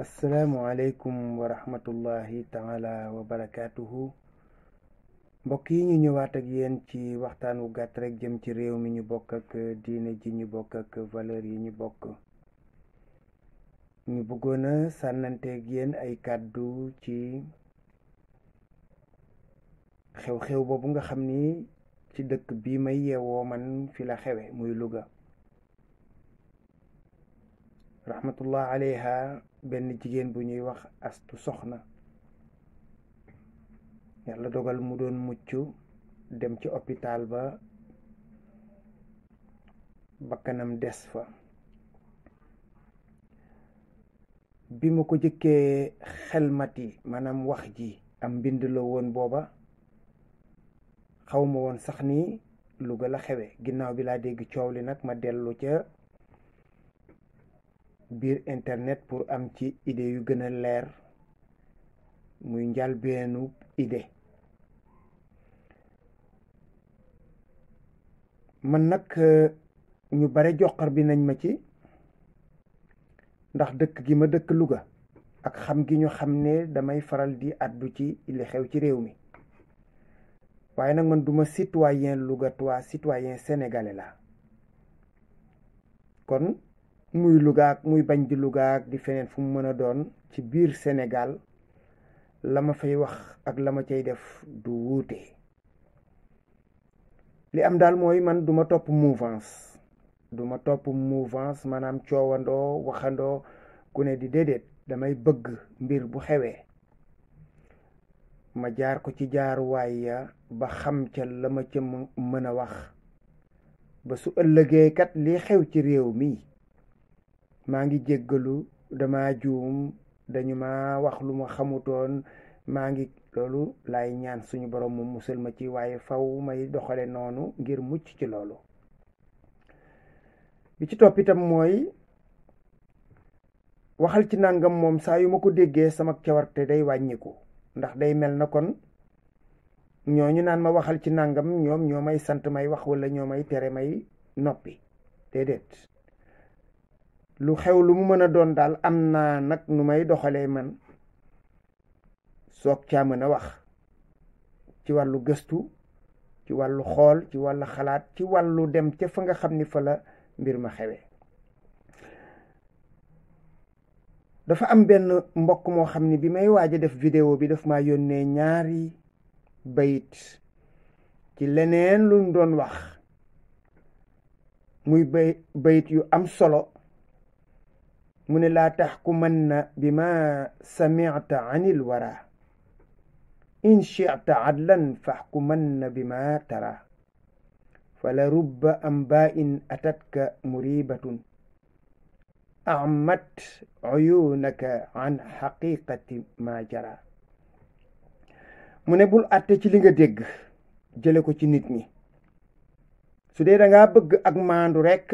asalaamualeykum wa rahmatullahi taala wa barakaatuhu mbokk yi ñu ñëwaat ak yéen ci waxtaan wu gàtt rek jëm ci réew mi ñu bokk ak diine ji ñu bokk ak valeur yi ñu bokk ñu bëggoon a sànnanteeg yéen ay kàddu ci xew-xew boobu nga xam ni ci dëkk bii may yeewoo man fi la xewe muy luga rahmatullah aleyha benn jigéen bu ñuy wax astu soxna yàlla dogal mu doon mucc dem ci hôpital ba bakkanam des fa bi ma ko jëkkee xelmati maanaam wax ji am mbind la woon booba xaw ma woon sax ni Louga la xewe ginnaaw bi laa dégg coow li nag ma dellu ca biir internet pour am ci idée yu gën a leer muy njalbeenu idée man nag euh, ñu bare joxar bi nañ ma ci ndax dëkk gi ma dëkk Louga ak xam gi ñu xam ne damay faral di addu ci li xew ci réew mi waaye nag man duma citoyen Louga toi citoyen sénégalais la kon muy Louga muy bañ di Louga di feneen fu mu mën a doon ci biir Sénégal la ma fay wax ak la ma cay def du wuute li am daal mooy man duma topp mouvance duma topp mouvance maanaam coowandoo waxandoo ku ne di déedéet damay bëgg mbir bu xewee ma jaar ko ci jaaruwaay ya ba xam ca la ma ca mën a wax ba su ëllëgee kat li xew ci réew mii maa ngi jéggalu dama juum dañu ma wax lu ma xamutoon maa ngi loolu laay ñaan suñu borom mu musal ma ci waaye faw may doxale noonu ngir mucc ci loolu bi ci topp itam mooy waxal ci nangam moom saa yu ma ko déggee sama cawarte day wàññiku ndax day mel na kon ñoo ñu naan ma waxal ci nàngam ñoom ñoo may sant may wax walla ñoo may tere may noppi déedéet lu xew lu mu mën a doon daal am naa nag nu may doxalee man soog caa mën a wax ci wàllu gëstu ci wàllu xool ci wàllu xalaat ci wàllu dem ca fa nga xam ni fa la mbir ma xewee dafa am benn mbokk moo xam ni bi may waaj a def video bi daf ma yónnee ñaari bayit ci leneen luñ doon wax muy bay bayit yu am solo mu ne laa taxkumanna bi ma samicta an il wara in chita adlan faxkumanna bi ma tara fala rubba ambain atatka muribatun amat uyunaka an xaqiqati ma jara mu ne bul àtte ci li nga dégg ko ci nit ñi su dee da ngaa bëgg ak maandu rekk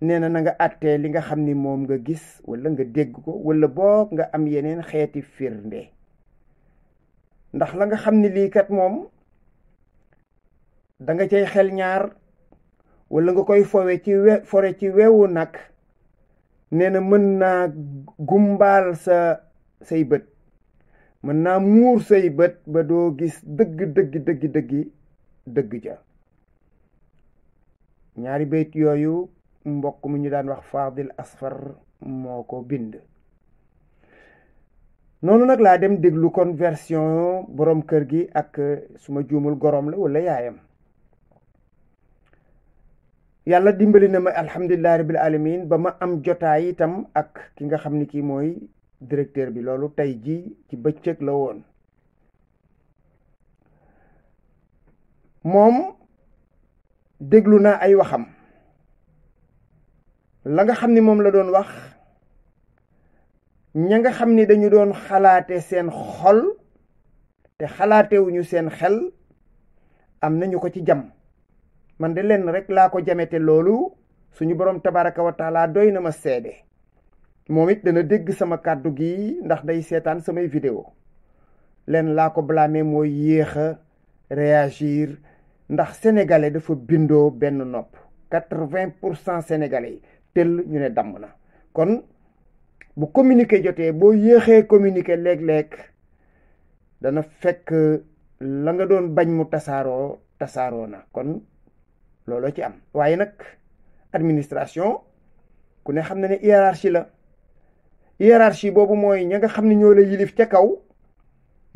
nee na na nga àttee li nga xam ni moom nga gis wala nga dégg ko wala boog nga am yeneen xeeti firnde ndax la nga xam ni lii kat moom danga cay xel ñaar wala nga koy fowe ci fore ci wewu nag nee na mën naa gumbaal sa say bët mën naa muur say bët ba doo gis dëgg dëgg dëgg dëgg dëgg ja ñaari bayt yooyu mbokk mi ñu daan wax Fadil Asfar moo ko bind noonu nag laa dem déglu kon version boroom kër gi ak euh, suma juumul goroom la walla yaayam yàlla dimbali na ma alhamdulillahi rabbil alamin ba ma am jotaay itam ak ki nga xam ni kii mooy directeur bi loolu tey ji ci bëccëg la woon moom déglu naa ay waxam la nga xam ni moom la doon wax ña nga xam ni dañu doon xalaate seen xol te xalaatewuñu seen xel am nañu ko ci jam man de leen rek laa ko jamete loolu suñu borom tabaraka wa doy na ma seede moom it dana dégg sama kàddu gi ndax day seetaan samay vidéo leen laa ko blâmer mooy yéex a réagir ndax sénégalais dafa bindoo benn nopp quatre-vingt pour cent sénégalais tell ñu ne damm na kon bu communiqué jotee boo yéexee communiquer léeg-léeg dana fekk la nga doon bañ mu tasaaroo tasaaroo na kon looloo ci am waaye nag administration ku ne xam na ne hiérarchie la hiérarchie boobu mooy ña nga xam ne ñoo la yilif ca kaw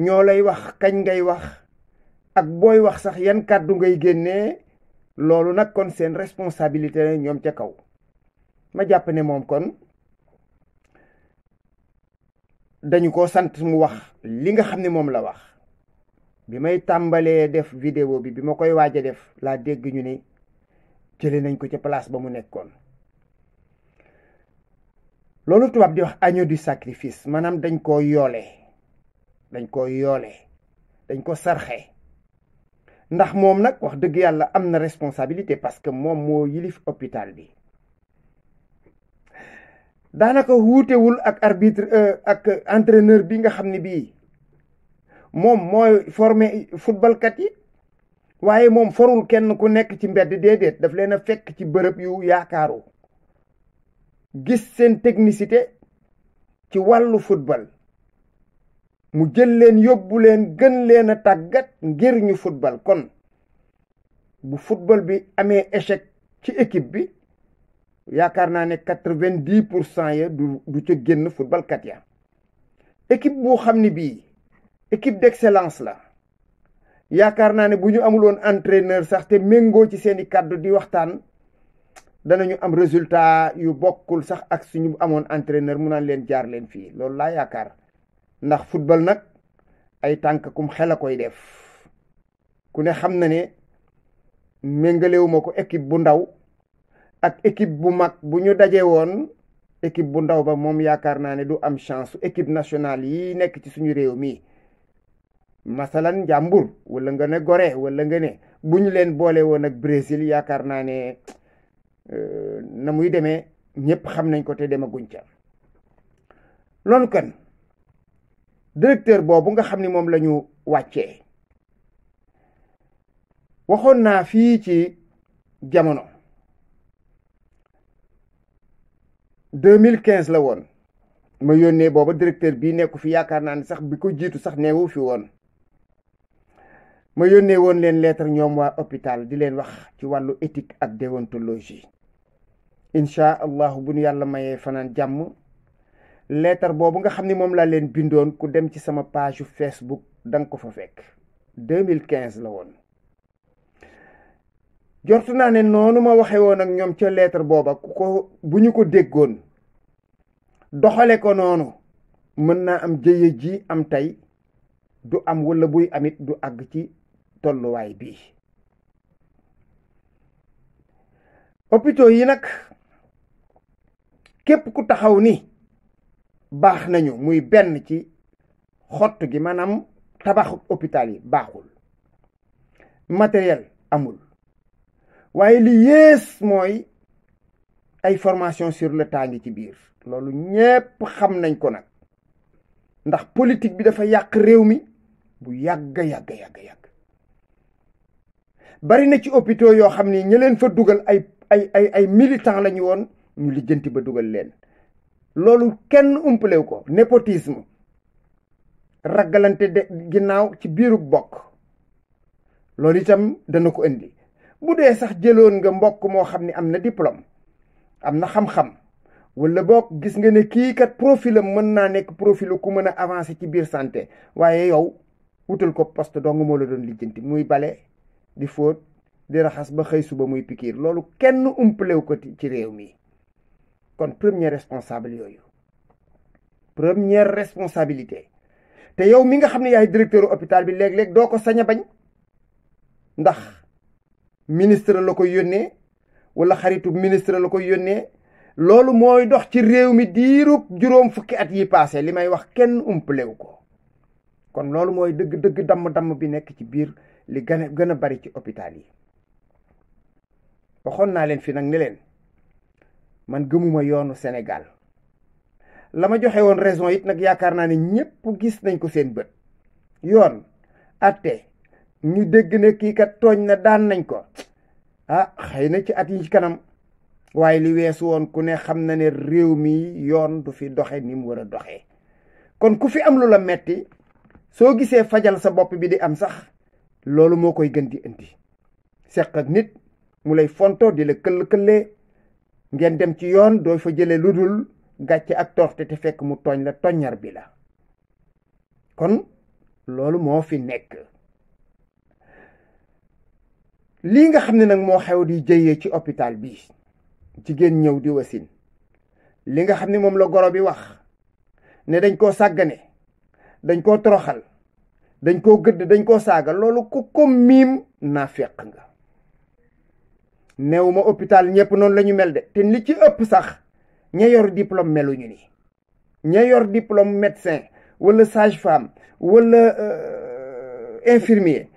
ñoo lay wax kañ ngay wax ak booy wax sax yan kàddu ngay génnee loolu nag kon seen responsabilité ñoom ca kaw ma jàpp ne moom kon dañu ko sant mu wax li nga xam ne moom la wax bi may tàmbalee def video bi bi ma koy waaj a def laa dégg ñu ni jële nañ ko ca place ba mu nekkoon loolu tubaab di wax agneau du sacrifice maanaam dañ koo yoole dañ ko yoole dañ ko sarxe ndax moom nag wax dëgg yàlla am na responsabilité parce que moom moo yilif hopital bi daanaka wuutewul ak arbitre euh, ak entraîneur bi nga xam ne bii moom mooy formé footballkat yi waaye moom forul kenn ku nekk ci mbedd déedéet daf leen a fekk ci bërëb yu yaakaaru gis seen technicité ci wàllu football mu jël leen yóbbu leen gën leen a tàggat ngir ñu football kon bu football bi amee échec ci équipe bi yaakaar naa ne quatre-vingt-dix pour cent ya du du ca génn footballkat ya équipe boo xam ne bii équipe excellence la yaakaar naa ne bu ñu amuloon entraîneur sax te méngoo ci seeni kàddu di waxtaan danañu am résultat yu bokkul sax ak suñu amoon entraîneur mun naan leen jaar leen fii loolu laa yaakaar ndax football nag ay tànk kum xel a koy def ku ne xam na ne méngalewuma ko équipe bu ndaw ak équipe bu mag bu ñu daje woon équipe bu ndaw ba moom yaakaar naa ne du am chance équipe nationale yi nekk ci suñu réew mii masalan Njàmbur wala nga ne Gorée wala nga ne bu ñu leen boole woon ak Brésil yaakaar naa ne euh, na muy demee ñëpp xam nañ ko te demaguñ ca loolu kan directeur boobu nga xam ni moom lañu ñu wàccee waxoon naa fii ci jamono 2015 la woon ma yónnee booba directeur bii nekku fi yaakaar naa ne sax bi ko jiitu sax neewu fi woon ma yónnee woon leen lettre ñoom waa hôpital di leen wax ci wàllu éthique ak déontologie incha allahu bu ñu yàlla mayee fanaan jàmm lettre boobu nga xam ne moom laa leen bindoon ku dem ci sama page Facebook da nga ko fa fekk 2015 la woon jortu naa ne noonu ma waxe woon ak ñoom ca lettre booba ku ko bu ñu ko déggoon doxale ko noonu mën naa am jëye ji am tey du am walla buy amit du àgg ci tolluwaay bii hôpitaux yi nag képp ku taxaw ni baax nañu muy benn ci xott gi maanaam tabaxu hôpital yi baaxul matériel amul waaye li yées mooy ay formation sur le temps ngi ci biir loolu ñépp xam nañ ko nag ndax politik bi dafa yàq réew mi bu yàgga yàgga yàgga yàgg bari na ci hôpitaux yoo xam ni ñi fa dugal ay ay ay ay lañu woon ñu lijjanti ba dugal leen loolu kenn umpalew ko népotisme ragalante de ginnaaw ci biiru bokk loolu itam dana ko indi bu dee sax jëloon nga mbokk moo xam ni am na diplôme am na xam-xam wala boog gis nga ne kii kat profilam mën naa nekk profilu ku mën a avancé ci biir santé waaye yow wutal ko poste dong moo la doon lijjanti muy bale di faut di raxas ba xëy suba muy pikiir loolu kenn umpalew ko ci réew mi kon premier responsable yooyu première responsabilité te yow mi nga xam ne yaay directeur hopital bi léeg-léeg doo ko sañ a bañ ndax ministre la ko yónnee wala xaritu ministre la ko yónnee loolu mooy dox ci réew mi diirub juróom fukki at yi paase li may wax kenn umpalewu ko kon loolu mooy dëgg dëgg damm-damm bi nekk ci biir li gën a gën a bari ci hôpital yi waxoon naa leen fi nag ne leen man gëmuma yoonu senegal la ma joxe woon raison yit nag yaakaar naa ne ñépp gis nañ ko seen bët yoon atte ñu dégg ne kii kat tooñ na daan nañ ko ah xëy na ci at yi ci kanam waaye li weesu woon ku ne xam na ne réew mi yoon du fi doxe ni mu war a doxee kon ku fi am lu la metti soo gisee fajal sa bopp bi di am sax loolu moo koy gën di indi seq ak nit mu lay fonto di la këll-këllee ngeen dem ci yoon doo fa jële lu dul gàcce ak torte te fekk mu tooñ la toññar bi la kon loolu moo fi nekk lii nga xam ne nag moo xew di jëyee ci hôpital bi jigéen ñëw di wasin li nga xam ne moom la goro bi wax ne dañ koo sàggane dañ koo toroxal dañ koo gëdd dañ koo saaga loolu ko ko miim naa feq nga neew ma hôpital ñëpp noonu la ñu mel de te li ci ëpp sax ña yor diplôme meluñu ni ña yor diplôme médecin wala sage femme wala euh, infirmier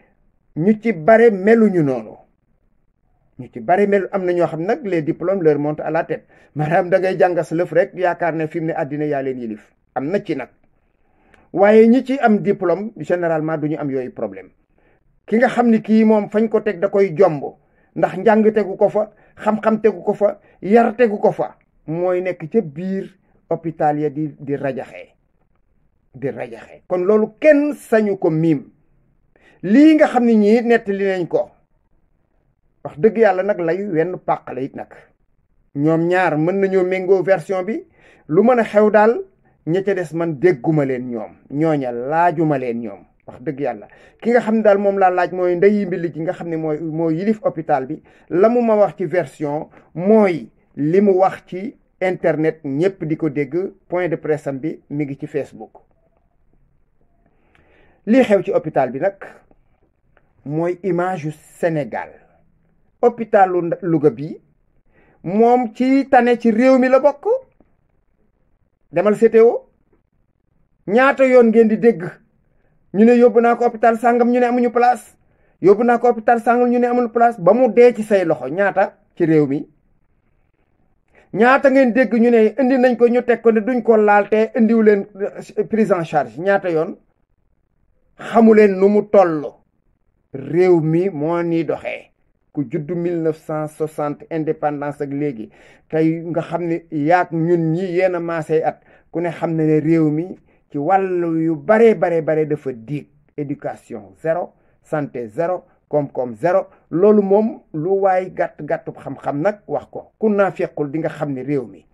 ñu ci bare meluñu noonu ñu ci bare melu am na ñoo xam nag les diplômes leur montent à la tête maanaam da ngay jàngas lëf rek yaakaar ne fi mu ne àddina yaa leen yilif am na ci nag waaye ñu ci am diplôme généralement du ñu am yooyu problème ki nga xam ni kii moom fañ ko teg da koy jomb ndax njàng tegu ko fa xam-xam tegu ko fa yar tegu ko fa mooy nekk ca biir hopital ya di di rajaxee di rajaxee kon loolu kenn sañu ko miim lii nga xam ne ñii nettali nañ ko wax dëgg yàlla nag lay wenn pàq la it nag ñoom ñaar mën nañoo méngoo version bi lu mën a xew daal ña ca des man dégguma leen ñoom ñooña laajuma leen ñoom wax dëgg yàlla ki nga xam ne daal moom laa laaj mooy ndeyi mbili ji nga xam ni mooy moo yilif hôpital bi la mu ma wax ci version mooy li mu wax ci internet ñépp di ko dégg point de presse am bi mi ngi ci Facebook lii xew ci hôpital bi nag mooy image yu Sénégal hôpitalu Louga bi moom ci tane ci réew mi la bokk demal CTO ñaata yoon ngeen di dégg ñu ne yóbbu naa ko hôpital sàngam ñu ne amuñu place yóbbu naa ko sàngam ñu ne amuñu place ba mu dee ci say loxo ñaata ci réew mi ñaata ngeen dégg ñu ne indi nañ ko ñu teg ne duñ ko laal te indiwu leen euh, prise en charge ñaata yoon xamu leen nu mu toll. réew mi moo ni doxee ku juddu 1960 indépendance ak léegi tey nga xam ne yaag ñun ñi yéen a maasee at ku ne xam ne ne réew mi ci wàllu yu baree bare bare dafa diig éducation zéro santé zéro koom-koom zéro loolu moom lu waay gàtt-gàttu xam-xam nag wax ko kun naa fekkul di nga xam ne réew mi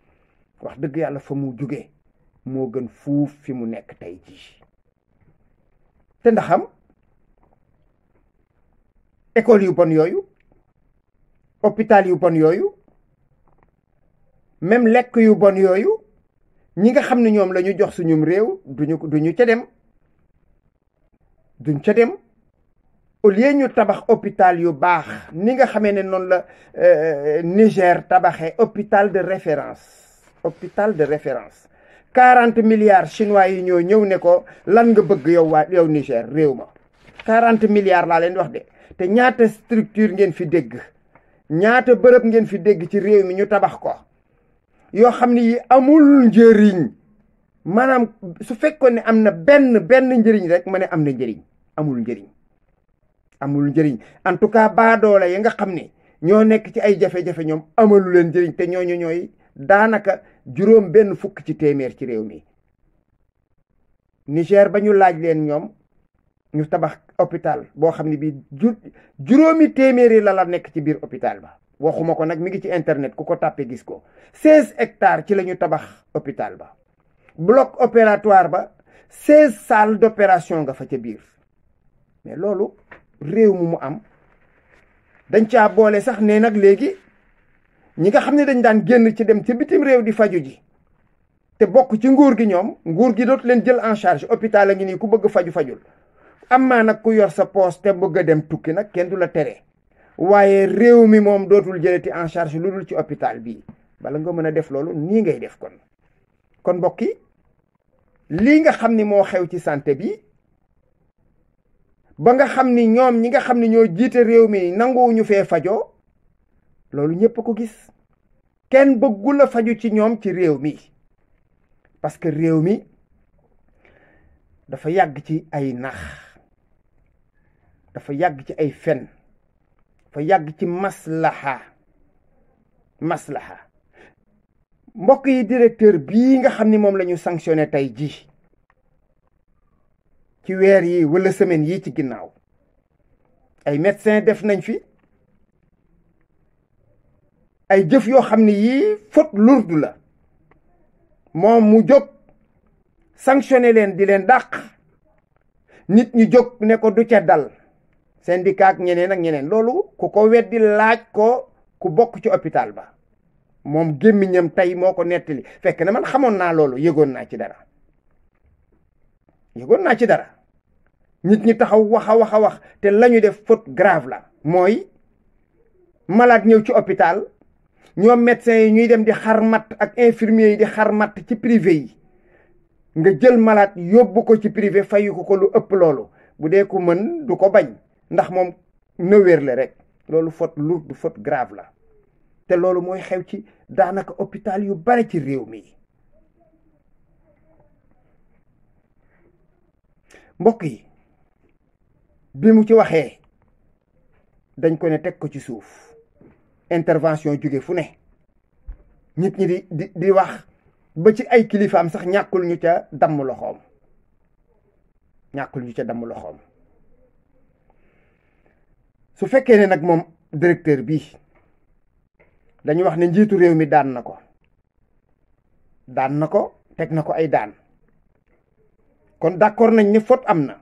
wax dëgg yàlla fa mu jugee moo gën fuuf fi mu nekk tey jii te ndaxam école yu bon yooyu hôpital yu bon yooyu même lekk yu bon yooyu ñi nga xam ne ñoom la ñu jox suñum réew du ñu ca dem duñ ca dem au lieu ñu tabax hôpital yu baax ni nga xamee ne noonu la euh, Niger tabaxee hopital de référence hopital de référence quarante milliards chinois yi ñoo ñëw ne ko lan nga bëgg yow yow Niger réew ma quarante milliards laa leen wax de te ñaata structure ngeen fi dégg ñaata bërëb ngeen fi dégg ci réew mi ñu tabax ko yoo xam ne yi amul njëriñ maanaam su fekkoon ne am na benn benn njëriñ rek ma ni am na njëriñ amul njëriñ amul njëriñ en tout cas baadoola yi nga xam ni ñoo nekk ci ay jafe-jafe ñoom amalu leen njëriñ te ñooñu ñooy daanaka juróom benn fukk ci téeméer ci réew mi Niger ba ñu laaj leen ñoom ñu tabax hopital boo xam ne bii ju juróomi téeméeri la la nekk ci biir hôpital ba waxuma ko nag mi ngi ci internet ku ko tàppee gis ko seize hectares ci la ñu tabax hôpital ba bloc opératoire ba seize salles d'opération nga fa ca biir mais loolu réew mi mu am dañ caa boole sax ne nag léegi ñi nga xam ne dañ daan génn ci dem ci bitim réew di faju ji te bokk ci nguur gi ñoom nguur gi dootu leen jël en charge hôpital a ngi nii ku bëgg faju fajul am maa nag ku yor sa poos te bëgg a dem tukki nag kenn du la tere waaye réew mi moom dootul jëlati en charge lu dul ci hôpital bi bala nga mën a def loolu nii ngay def kon kon mbokk yi lii nga xam ni moo xew ci sante bi ba nga xam ni ñoom ñi nga xam ni ñoo jiite réew mi nanguwuñu fee fajoo loolu ñépp a ko gis kenn bëggul a faju ci ñoom ci réew mi parce que réew mi dafa yàgg ci ay nax dafa yàgg ci ay fen dafa yàgg ci maslaha maslaha mbokk yi directeur bii nga xam ni moom la ñu sanctionné tey jii ci weer yi walla semaine yii ci ginnaaw ay médecin def nañ fi ay jëf yoo xam ne yii faute lourde la moom mu jóg sanctionné leen di leen dàq nit ñi jóg ne ko du ca dal seen syndicat ak ñeneen ak ñeneen loolu ku ko weddi laaj ko ku bokk ci hôpital ba moom gémmiñam tey moo ko nettali fekk na man xamoon naa loolu yëgoon naa ci dara yëgoon naa ci dara nit ñi taxaw wax a wax te la def faute grave la mooy malaat ñëw ci hôpital ñoo médecins yi ñuy dem di xarmat ak infirmier yi di xarmat ci privé yi nga jël malaat yóbbu ko ci privé fay ko ko lu ëpp loolu bu dee ku mën du ko bañ ndax moom na wér rek loolu faute lourde faute grave la te loolu mooy xew ci daanaka hôpital yu bare ci réew mi mbokk yi bi mu ci waxee dañ ko ne teg ko ci suuf intervention jóge fu ne nit ñi di di di wax ba ci ay kilifaam sax ñàkkul ñu ca damm loxoom ñàkkul ñu ca damm loxoom su fekkee ne nag moom directeur bi dañu wax ne njiitu réew mi daan na ko daan na ko teg na ko ay daan kon d'accord nañ ni faute am na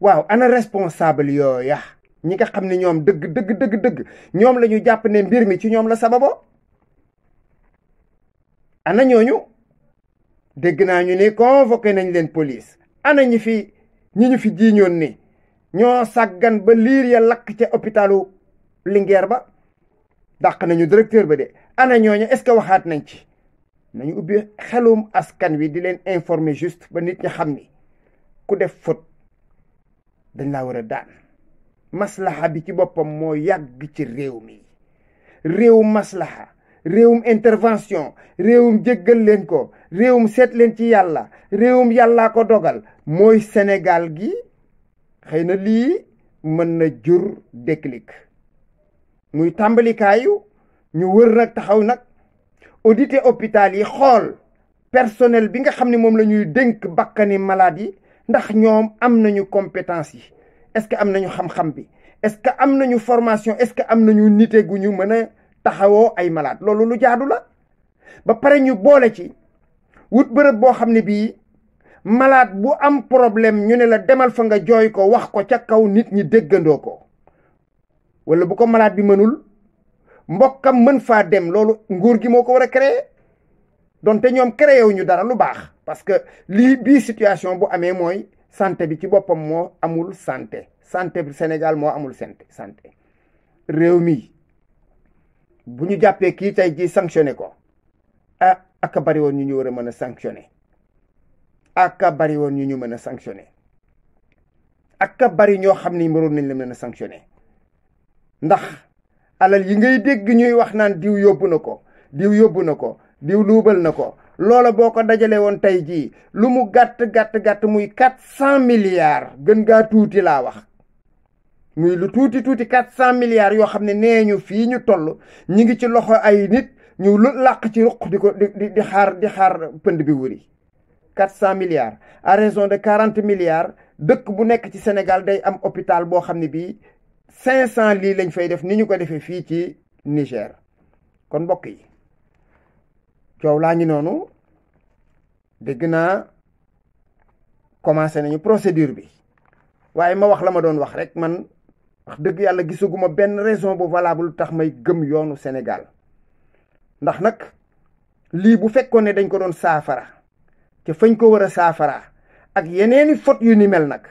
waaw ana responsable yooya ñi nga xam ne ñoom dëgg dëgg dëgg ñoom la ñu jàpp ne mbir mi ci ñoom la sababoo ana ñooñu dégg naa ñu ne convoqué nañ leen police ana ñi fi ñi ñu fi jiiñoon ni ñoo sàggan ba liir ya lakk ca hôpitalu Linguère ba dàq nañu directeur ba de ana ñooñu est-ce que waxaat nañ ci nañu ubbi xelum askan wi di leen informer juste ba nit ña xam ni ku def faute dañ laa war a daan maslaha bi ci boppam mooy yàgg ci réew mi réewum maslaha réewum intervention réewum jéggal leen ko réewum seet leen ci yàlla réewum yàllaa ko dogal mooy Sénégal gi xëy na lii mën na jur déclic muy tàmbalikaayu ñu wër nag taxaw nag audité hopital yi xool personnel bi nga xam ne moom la ñuy dénk bakkani malade yi ndax ñoom am nañu compétence yi est-ce que am nañu xam-xam bi es ce que am nañu formation est-ce que am nañu nite gu ñu mën a taxawoo ay malaat loolu lu jaadu la ba pare ñu boole ci wut bërëb boo xam ne bii malaat bu am problème ñu ne la demal fa nga jooy ko wax ko ca kaw nit ñi déggandoo ko wala bu ko malaat bi mënul mbokkam mën faa dem loolu nguur gi moo ko war a créer donte ñoom créé wu ñu dara lu baax parce que lii bii situation bu amee mooy santé bi ci boppam moo amul santé santé bi Sénégal moo amul santé santé réew mi bu ñu jàppee kii tey ji sanctionné ko ah ak a bari woon ñu ñu war a mën a sanctionné ak ka bari woon ñu ñu mën a sanctionné ak ka ñoo xam ni mënoon nañ la mën a sanctionné ndax alal yi ngay dégg ñuy wax naan diw yóbbu na ko diw yóbbu na ko diw luubal na ko loola boo ko dajalee woon tey jii lu mu gàtt gàtt gàtt muy quatre cent milliards gën gaa tuuti laa wax muy lu tuuti tuuti quatre cent milliards yoo xam ne nee ñu fii ñu toll ñi ngi ci loxo ay nit ñu lu làq ci ruq di ko di di xaar di xaar pënd bi wuri quatre cent milliards à raison de quarante milliards dëkk bu nekk ci Sénégal day am hôpital boo xam ne bii cinq cent lii lañ fay def ni ñu ko defee fii ci Niger kon mbokk yi coow laa ngi noonu dégg naa commencé nañu procédure bi waaye ma wax la ma doon wax rek man wax dëgg yàlla gisaguma benn raison bu valable tax may gëm yoonu senegal ndax nag lii bu fekkoon ne dañ ko doon saafara ci fañ ko war a saafara ak yeneeni fot yu ni mel nag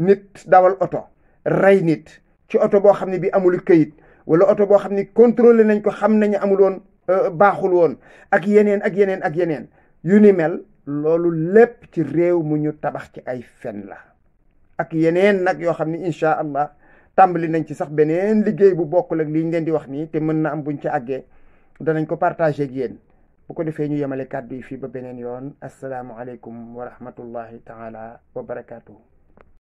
nit dawal oto rey nit ci oto boo xam ne bi amul këyit wala oto boo xam ne contrôlé nañ ko xam nañu amul woon euh, baaxul woon ak yeneen ak yeneen ak yeneen yu ni mel loolu lépp ci réew mu ñu tabax ci ay fen la ak yeneen nag yoo xam ne incha allah tàmbali nañ ci sax beneen liggéey bu bokku ak li ñu leen di wax nii te mën na am buñ ci àggee danañ ko partagé ak yéen bu ko defee ñu yemale kàddu yi fii ba beneen yoon asalaamualeykum wa rahmatullahi taala wa barakaatu.